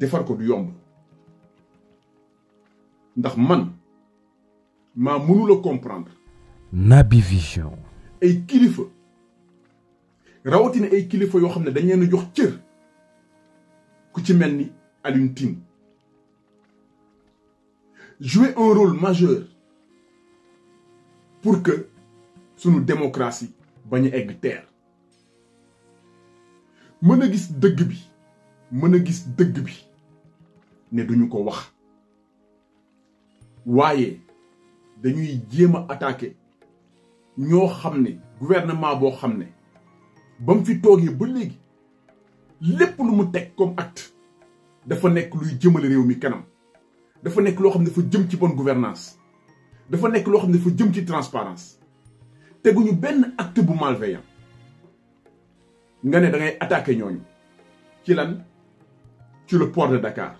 Des ko du yomb ndax man ma mënu a comprendre. Nabi Vision. ay kilifa rawatina ay kilifa yoo xam ne dañ leen a jox cieur ku ci melni ni tim jouer un rôle majeur pour que sunu démocratie bañ egg terre mëna gis dëgg bi mëna gis dëgg bi ne duñu ko wax waaye dañuy jéem attaquer ño xamné gouvernement bo xamné bam fi togué ba légui lépp lu mu teg comme acte dafa nek luy jëmale réew mi kanam dafa nek lo xamné ne dafa jëm ci bonne gouvernance dafa nek lo xamné ne dafa jëm ci transparence teguñu benn acte bu malveillant nga né da ngay attaquer ñoñu ci lan ci le port de Dakar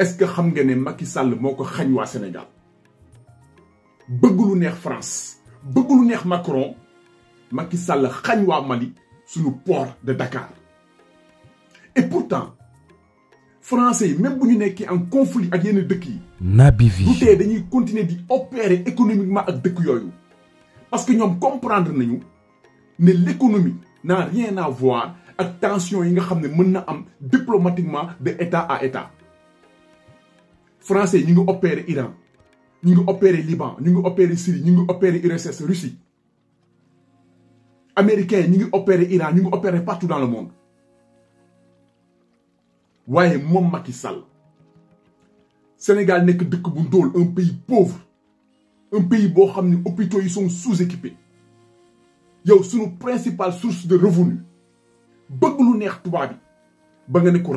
est-ce que vous savez que Macky Sall moo ko xañ Sénégal bëgg lu neex France bëgg lu neex Macron Macky Sall xañ waa Mali le port de Dakar et pourtant français même si ñu en conflit avec les deux yi. Naby d'opérer dañuy continuer di économiquement avec les yooyu parce que nous comprenons que l'économie n'a rien à voir ak tension yi nga xam diplomatiquement de état à état français nous ngi opéré Iran ñu ngi opéré Liban nous ngi opéré Syrie nous ngi opéré URSS Russie américains nous ngi opéré Iran ñu ngi opéré partout dans le monde waaye moom Macky Sall Sénégal nekk dëkk bu ndóol un pays pauvre un pays boo xam ne hôpitaux yi sont sous-équipés yow sunu principale source de revenus. bëgg lu neex tubaab bi ba nga ne ko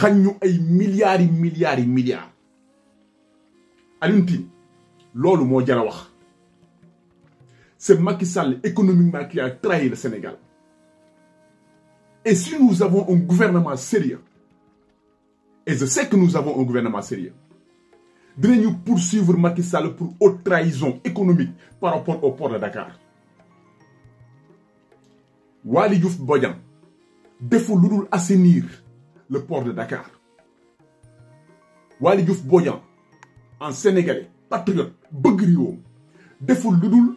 xagnou ay milliards yi milliards yi milliards Alioune lolou mo jara wax c'est Macky Sall économiquement qui a trahi le Sénégal et si nous avons un gouvernement sérieux et je sais que nous avons un gouvernement sérieux nous poursuivre Macky Sall pour haute trahison économique par rapport au port de Dakar Walidouf Diouf Bodiang defu assenir. assainir le port de Dakar. Wali Diouf Boyan, en Sénégalais, patriote, bëgg des deful lu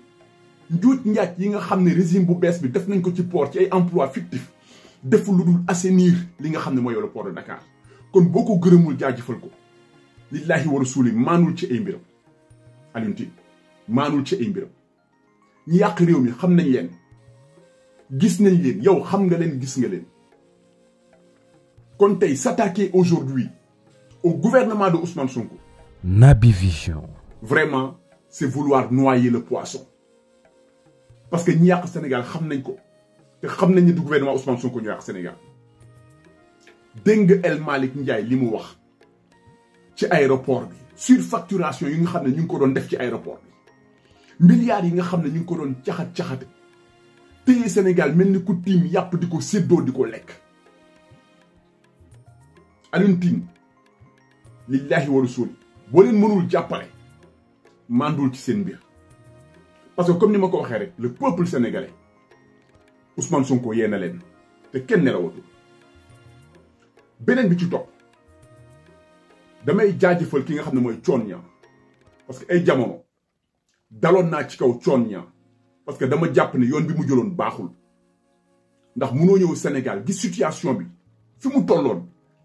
dul yi nga régime bu bi def nañ ko ci port ci ay emploi fictif deful lu assainir li nga le port de Dakar kon boko ko gërëmul ko Lillahi wa rasuuli manul ci ay mbiram ci ay ñi réew mi xam gis nañ leen yow xam nga leen gis nga quand s'attaquer aujourd'hui au gouvernement de Ousmane Sonko. vraiment c'est vouloir noyer le poisson parce que sommes au Sénégal xam nañ ko xam nañ gouvernement Ousmane Sonko Sénégal dégg El Malick Ndiaye aéroport bi facturation, yi nga xam milliards yi Sénégal Alioune Tine lillaahi wa rasuul boo leen mënul jàppale mandul ci seen bi parce que comme ni ma ko waxee rek le peuple sénégalais Ousmane Sonko yee na leen kenn nelawatul beneen bi ci topp damay jaajëfal ki nga xam ne mooy coon ñaa parce que ay jamono daloon naa ci kaw coon ñaa parce que dama jàpp ne yoon bi mu jëloon baaxul ndax munoo ñëw Sénégal gis situation bi fi mu tolloon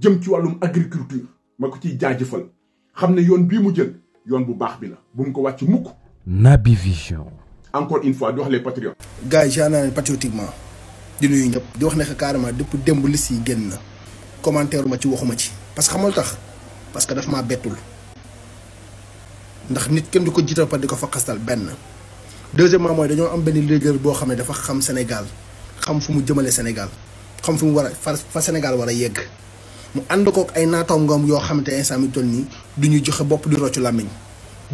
jëm ci wàllum agriculture ma ko ciy jaajëfal xam ne yoon bii mu jël yoon bu baax bi la bu mu ko wàcc mukk Naby Vision encore une fois di wax les patriotes gars yi gendarme patriotiquement di nuyu ñëpp di wax ne que carrément depuis démb yi génn na commentaire ma ci waxuma ci parce que xamul tax parce que daf maa bettul ndax nit kenn du ko jiital par di ko fa xastal benn deuxièmement mooy dañoo am benn leader boo xam ne dafa xam Sénégal xam fu mu jëmale Sénégal xam fu mu war a fa Sénégal war yegg mu ànd kook ay natom ngom yo xamanteni insa mi tolni duñu joxe bop di roccu làmmiñ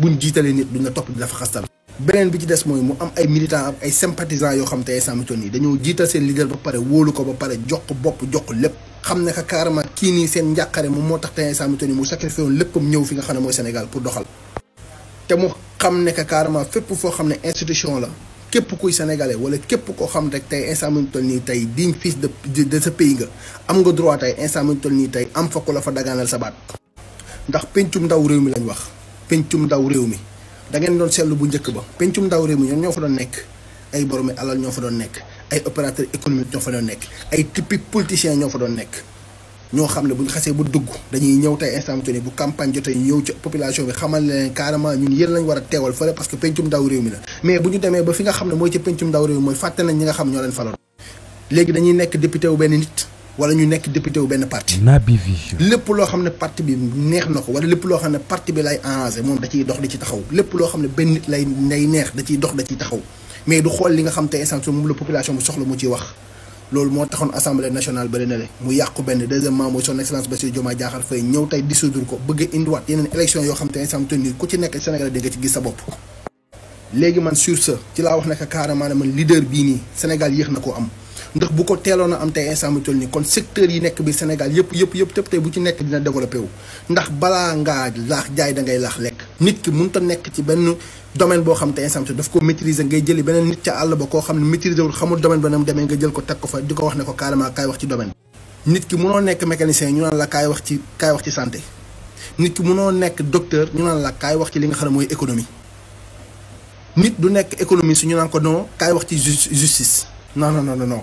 buñ jitalé nit duñ la topp la fa xastal. benen bi ci dess moy mu am ay militants ak ay sympathisants yo xamanteni insa mi tolni dañu dañoo sen leader ba pare wolu ko ba pare jox bop jox lépp. xamne ka karama ki ni sen seen njàqare moom moo tax te mi tolni mu sacrifié won léppam ñëw fi nga xamne moy Sénégal pour doxal. te mu xamne ka karama fépp fo xamne institution la. képp kuy sénégalais wala képp koo xam rek tey instant mi nii tey digne fils de de sa pays nga am nga droit tey instant mi nii tey am fa la fa dagaanal sa baat ndax pencum ndaw réew mi lañ wax pencum ndaw réew mi da ngeen doon seetlu bu njëkk ba pencum ndaw réew mi ñoom ñoo fa doon nekk ay boromi alal ñoo fa doon nekk ay opérateur économique ñoo fa doon nekk ay typique politicien ñoo fa doon nekk. ñoo xam ne buñ xasee bu dugg dañuy ñëw tey instant bi bu campagne jotee yow ñëw ci population bi xamal leen carrément ñun yéen lañ war a teewal fële parce que pencum ndaw réew mi la mais bu ñu demee ba fi nga xam ne mooy ci pencum ndaw réew mi mooy fàtte nañ ñi nga xam ñoo leen faloon léegi dañuy nekk député wu benn nit wala ñu nekk député wu benn parti Naby Vision lépp loo xam ne parti bi neex na ko wala lépp loo xam ne parti bi lay arrangé moom da ciy dox di ci taxaw lépp loo xam ne benn nit lay lay neex da ciy dox da ciy taxaw mais xool li nga xam te instant moom population bu soxla mu ciy wax loolu moo taxoon assemblée nationale ba leneen mu yàqu benn deuxièmement mooy son excellence Bassirou Diomaye Diakhar Faye ñëw tey dissoudre ko bëgg a yeneen élection yoo xam te ne sam tenir ku ci nekk Sénégal di ci gis sa bopp léegi man sur ce ci la wax ne que carrément ne man leader bii nii Sénégal yéex na ko am ndax bu ko teeloon a am te instant mu toll nii kon secteur yi nekk bi Sénégal yëpp yëpp yëpp tëb tey bu ci nekk dina développé wu ndax balaa ngaa laax jaay da ngay laax lekk nit ki mun a nekk ci benn domaine boo xam te instant bi daf ko maîtriser ngay jëli beneen nit ca àll ba koo xam ne maîtriser wul xamul domaine ba na mu demee nga jël ko teg ko fa di ko wax ne ko carrément kaay wax ci domaine nit ki munoo nekk mécanicien ñu naan la kaay wax ci kaay ci santé nit ki munoo nekk docteur ñu naan la kaay wax ci li nga xam ne mooy économie nit du nekk économie su ñu naan ko non kaay wax ci justice non non non non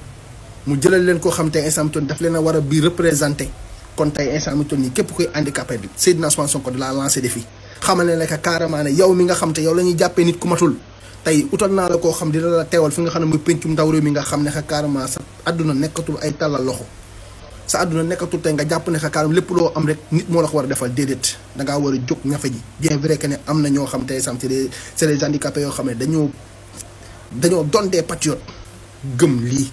mu jëlal leen koo xam te instant bi toll daf leen a war a bi représenté kon tey instant bi nii képp koy handicapé bi Seydina Ousmane Sonko la lancé défi xamal ne que carrément ne yow mi nga xam te yow la ñuy jàppee nit ku matul tey utal naa la koo xam dina la teewal fi nga xam ne muy pencum ndaw réew mi nga xam ne carrément sa àdduna nekkatul ay tàllal loxo sa àdduna nekkatul tey nga jàpp ne que carrément lépp loo am rek nit moo la ko war a defal déedéet da ngaa war a jóg ñafe ji bien vrai que ne am na ñoo xam sam c'est des handicapés yoo xam ne dañoo dañoo doon des patriotes gëm lii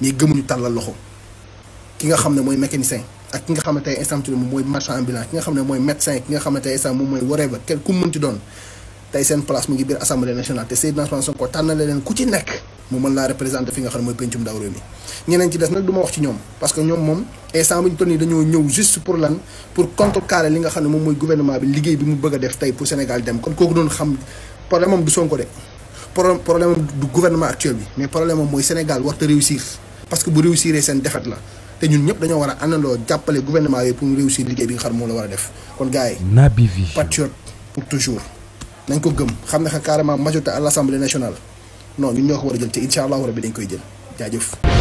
ñi gëmuñu tàllal loxo ki nga xam ne mooy mécanicien ak ki nga xam ne tey instant moom mooy marchand ambulant ki nga xam ne mooy médecin ki nga xam ne tey instant moom mooy whatever kenn ku mënti doon tey seen mu ngi biir assemblée nationale te Seydina Ousmane Sonko tànnale leen ku ci nekk mu mën laa représenté fi nga xam ne mooy pencum ndaw réew mi ñeneen ci des nag du wax ci ñoom parce que ñoom moom instant bi ñu toll nii dañoo ñëw juste pour lan pour contrecarrer li nga xam ne moom mooy gouvernement bi liggéey bi mu bëgg a def tey pour Sénégal dem kon kooku doon xam pro problème du gouvernement actuel bi mais problème am mooy Sénégal warta réussir parce que bu réussir seen défaite na te ñun ñëpp dañoo war a àndandoo jàppale gouvernement yooyu pour réussir liggéey bi nga xam moo la war a def kon gars yi. Naby Vision patriote pour toujours. nañ ko gëm xam ne que carrément majorité à l' assemblée nationale non ñun ñoo ko war a jël te incha allahu rabi dañ koy jël jaajëf.